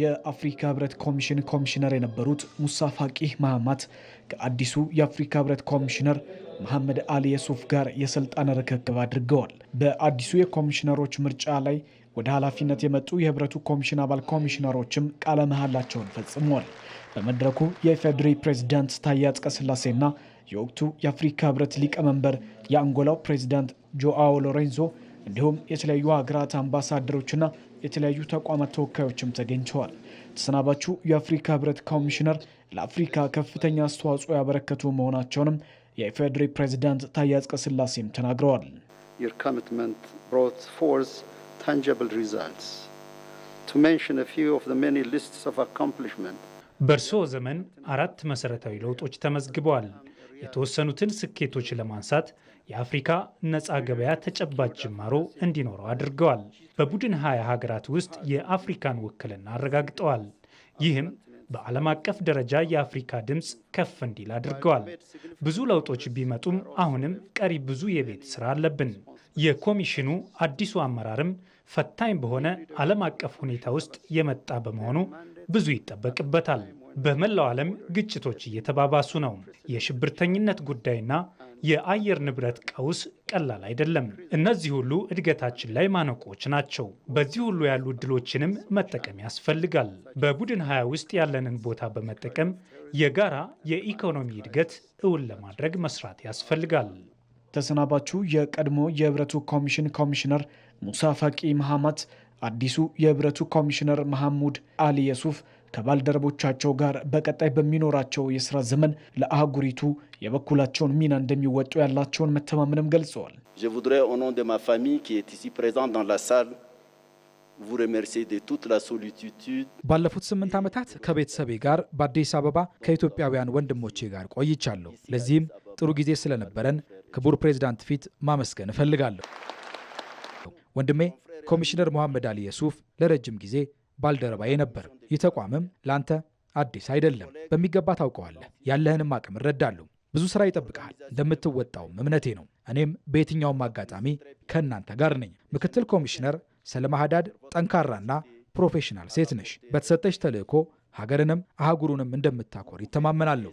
የአፍሪካ ህብረት ኮሚሽን ኮሚሽነር የነበሩት ሙሳ ፋቂ ማህማት ከአዲሱ የአፍሪካ ህብረት ኮሚሽነር መሐመድ አሊ የሱፍ ጋር የስልጣን ርክክብ አድርገዋል። በአዲሱ የኮሚሽነሮች ምርጫ ላይ ወደ ኃላፊነት የመጡ የህብረቱ ኮሚሽን አባል ኮሚሽነሮችም ቃለ መሐላቸውን ፈጽመዋል። በመድረኩ የኢፌዴሪ ፕሬዚዳንት ታዬ አጽቀሥላሴና የወቅቱ የአፍሪካ ህብረት ሊቀመንበር የአንጎላው ፕሬዚዳንት ጆአዎ ሎሬንዞ እንዲሁም የተለያዩ ሀገራት አምባሳደሮችና የተለያዩ ተቋማት ተወካዮችም ተገኝተዋል። ተሰናባቹ የአፍሪካ ህብረት ኮሚሽነር ለአፍሪካ ከፍተኛ አስተዋጽኦ ያበረከቱ መሆናቸውንም የኢፌዴሪ ፕሬዚዳንት ታዬ ስላሴም ተናግረዋል። Your commitment brought forth tangible results. To mention a few of the በእርስዎ ዘመን አራት መሠረታዊ ለውጦች ተመዝግበዋል። የተወሰኑትን ስኬቶች ለማንሳት የአፍሪካ ነፃ ገበያ ተጨባጭ ጅማሮ እንዲኖረው አድርገዋል። በቡድን ሀያ ሀገራት ውስጥ የአፍሪካን ውክልና አረጋግጠዋል። ይህም በዓለም አቀፍ ደረጃ የአፍሪካ ድምፅ ከፍ እንዲል አድርገዋል። ብዙ ለውጦች ቢመጡም አሁንም ቀሪ ብዙ የቤት ስራ አለብን። የኮሚሽኑ አዲሱ አመራርም ፈታኝ በሆነ ዓለም አቀፍ ሁኔታ ውስጥ የመጣ በመሆኑ ብዙ ይጠበቅበታል። በመላው ዓለም ግጭቶች እየተባባሱ ነው። የሽብርተኝነት ጉዳይና የአየር ንብረት ቀውስ ቀላል አይደለም። እነዚህ ሁሉ እድገታችን ላይ ማነቆች ናቸው። በዚህ ሁሉ ያሉ እድሎችንም መጠቀም ያስፈልጋል። በቡድን ሀያ ውስጥ ያለንን ቦታ በመጠቀም የጋራ የኢኮኖሚ እድገት እውን ለማድረግ መስራት ያስፈልጋል። ተሰናባቹ የቀድሞ የህብረቱ ኮሚሽን ኮሚሽነር ሙሳ ፈቂ መሐማት አዲሱ የህብረቱ ኮሚሽነር መሐሙድ አሊ የሱፍ ከባልደረቦቻቸው ጋር በቀጣይ በሚኖራቸው የስራ ዘመን ለአህጉሪቱ የበኩላቸውን ሚና እንደሚወጡ ያላቸውን መተማመንም ገልጸዋል። ባለፉት ስምንት ዓመታት ከቤተሰቤ ጋር በአዲስ አበባ ከኢትዮጵያውያን ወንድሞቼ ጋር ቆይቻለሁ። ለዚህም ጥሩ ጊዜ ስለነበረን ክቡር ፕሬዚዳንት ፊት ማመስገን እፈልጋለሁ። ወንድሜ ኮሚሽነር መሐመድ አሊ የሱፍ ለረጅም ጊዜ ባልደረባዬ ነበር። ይህ ተቋምም ለአንተ አዲስ አይደለም። በሚገባ ታውቀዋለህ። ያለህንም አቅም እረዳለሁ። ብዙ ስራ ይጠብቀሃል። እንደምትወጣውም እምነቴ ነው። እኔም በየትኛውም አጋጣሚ ከእናንተ ጋር ነኝ። ምክትል ኮሚሽነር ሰለማ ሀዳድ ጠንካራና ፕሮፌሽናል ሴት ነሽ። በተሰጠሽ ተልዕኮ ሀገርንም አህጉሩንም እንደምታኮር ይተማመናለሁ።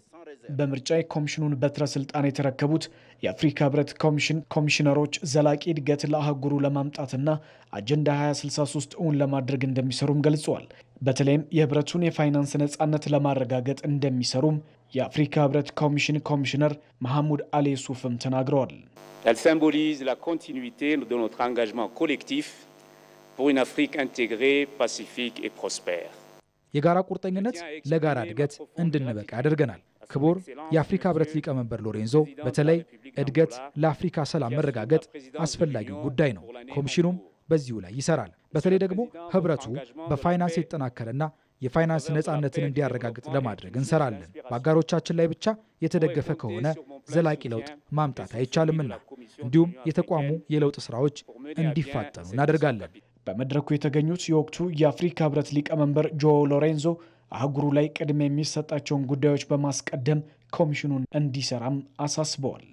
በምርጫ የኮሚሽኑን በትረ ስልጣን የተረከቡት የአፍሪካ ህብረት ኮሚሽን ኮሚሽነሮች ዘላቂ እድገት ለአህጉሩ ለማምጣትና አጀንዳ 2063 እውን ለማድረግ እንደሚሰሩም ገልጸዋል። በተለይም የህብረቱን የፋይናንስ ነፃነት ለማረጋገጥ እንደሚሰሩም የአፍሪካ ህብረት ኮሚሽን ኮሚሽነር መሐሙድ አሊ ሱፍም ተናግረዋል። Elle symbolise la continuité de notre engagement collectif የጋራ ቁርጠኝነት ለጋራ እድገት እንድንበቃ ያደርገናል። ክቡር የአፍሪካ ህብረት ሊቀመንበር ሎሬንዞ በተለይ እድገት ለአፍሪካ ሰላም መረጋገጥ አስፈላጊው ጉዳይ ነው። ኮሚሽኑም በዚሁ ላይ ይሰራል። በተለይ ደግሞ ህብረቱ በፋይናንስ የተጠናከረና የፋይናንስ ነፃነትን እንዲያረጋግጥ ለማድረግ እንሰራለን። በአጋሮቻችን ላይ ብቻ የተደገፈ ከሆነ ዘላቂ ለውጥ ማምጣት አይቻልምና፣ እንዲሁም የተቋሙ የለውጥ ስራዎች እንዲፋጠኑ እናደርጋለን። በመድረኩ የተገኙት የወቅቱ የአፍሪካ ህብረት ሊቀመንበር ጆ ሎሬንዞ አህጉሩ ላይ ቅድሚያ የሚሰጣቸውን ጉዳዮች በማስቀደም ኮሚሽኑን እንዲሰራም አሳስበዋል።